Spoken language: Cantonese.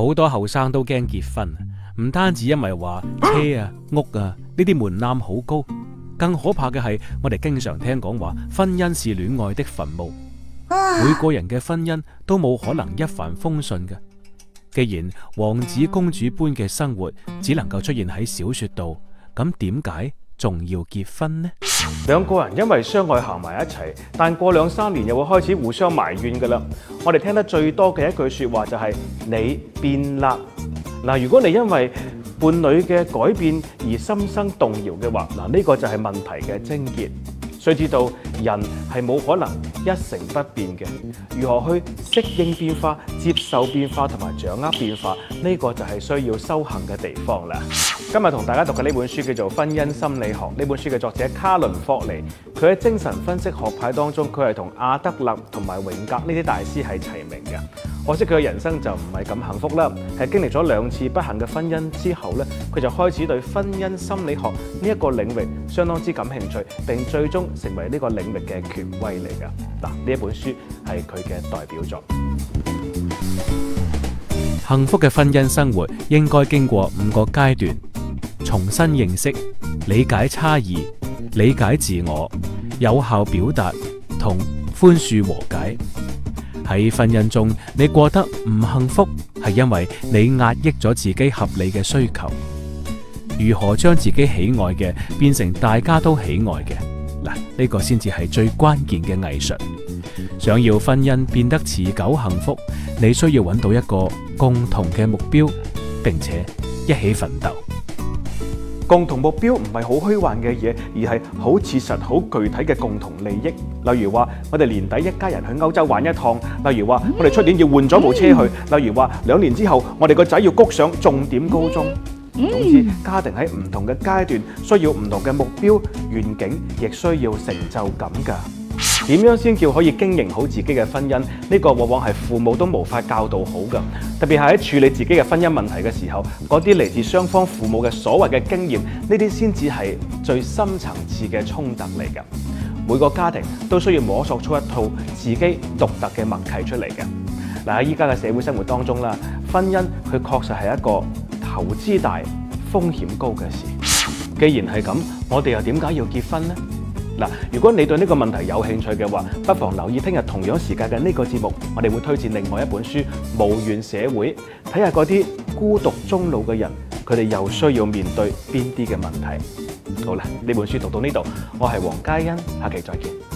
好多後生都驚結婚，唔單止因為話車啊、屋啊呢啲門檻好高，更可怕嘅係我哋經常聽講話，婚姻是戀愛的墳墓。每個人嘅婚姻都冇可能一帆風順嘅。既然王子公主般嘅生活只能夠出現喺小說度，咁點解？仲要結婚呢？兩個人因為相愛行埋一齊，但過兩三年又會開始互相埋怨噶啦。我哋聽得最多嘅一句說話就係、是、你變啦。嗱，如果你因為伴侶嘅改變而心生動搖嘅話，嗱、這、呢個就係問題嘅症結。須知道，人係冇可能，一成不變嘅，如何去適應變化、接受變化同埋掌握變化？呢個就係需要修行嘅地方啦。今日同大家讀嘅呢本書叫做《婚姻心理學》，呢本書嘅作者卡倫霍尼，佢喺精神分析學派當中，佢係同阿德勒同埋榮格呢啲大師係齊名嘅。可惜佢嘅人生就唔係咁幸福啦，係經歷咗兩次不幸嘅婚姻之後呢，佢就開始對婚姻心理學呢一個領域相當之感興趣，並最終成為呢個領域嘅權威嚟噶。嗱，呢一本書係佢嘅代表作。幸福嘅婚姻生活應該經過五個階段：重新認識、理解差異、理解自我、有效表達同寬恕和解。喺婚姻中，你過得唔幸福，係因為你壓抑咗自己合理嘅需求。如何將自己喜愛嘅變成大家都喜愛嘅？嗱，呢個先至係最關鍵嘅藝術。想要婚姻變得持久幸福，你需要揾到一個共同嘅目標，並且一起奮鬥。共同目標唔係好虛幻嘅嘢，而係好切實、好具體嘅共同利益。例如話，我哋年底一家人去歐洲玩一趟；例如話，我哋出年要換咗部車去；例如話，兩年之後我哋個仔要谷上重點高中。總之，家庭喺唔同嘅階段需要唔同嘅目標、願景，亦需要成就感㗎。點樣先叫可以經營好自己嘅婚姻？呢個往往係父母都無法教導好噶。特別係喺處理自己嘅婚姻問題嘅時候，嗰啲嚟自雙方父母嘅所謂嘅經驗，呢啲先至係最深層次嘅衝突嚟噶。每個家庭都需要摸索出一套自己獨特嘅默契出嚟嘅。嗱，喺依家嘅社會生活當中啦，婚姻佢確實係一個投資大、風險高嘅事。既然係咁，我哋又點解要結婚呢？嗱，如果你對呢個問題有興趣嘅話，不妨留意聽日同樣時間嘅呢個節目，我哋會推薦另外一本書《無緣社會》，睇下嗰啲孤獨終老嘅人，佢哋又需要面對邊啲嘅問題。好啦，呢本書讀到呢度，我係黃嘉欣，下期再見。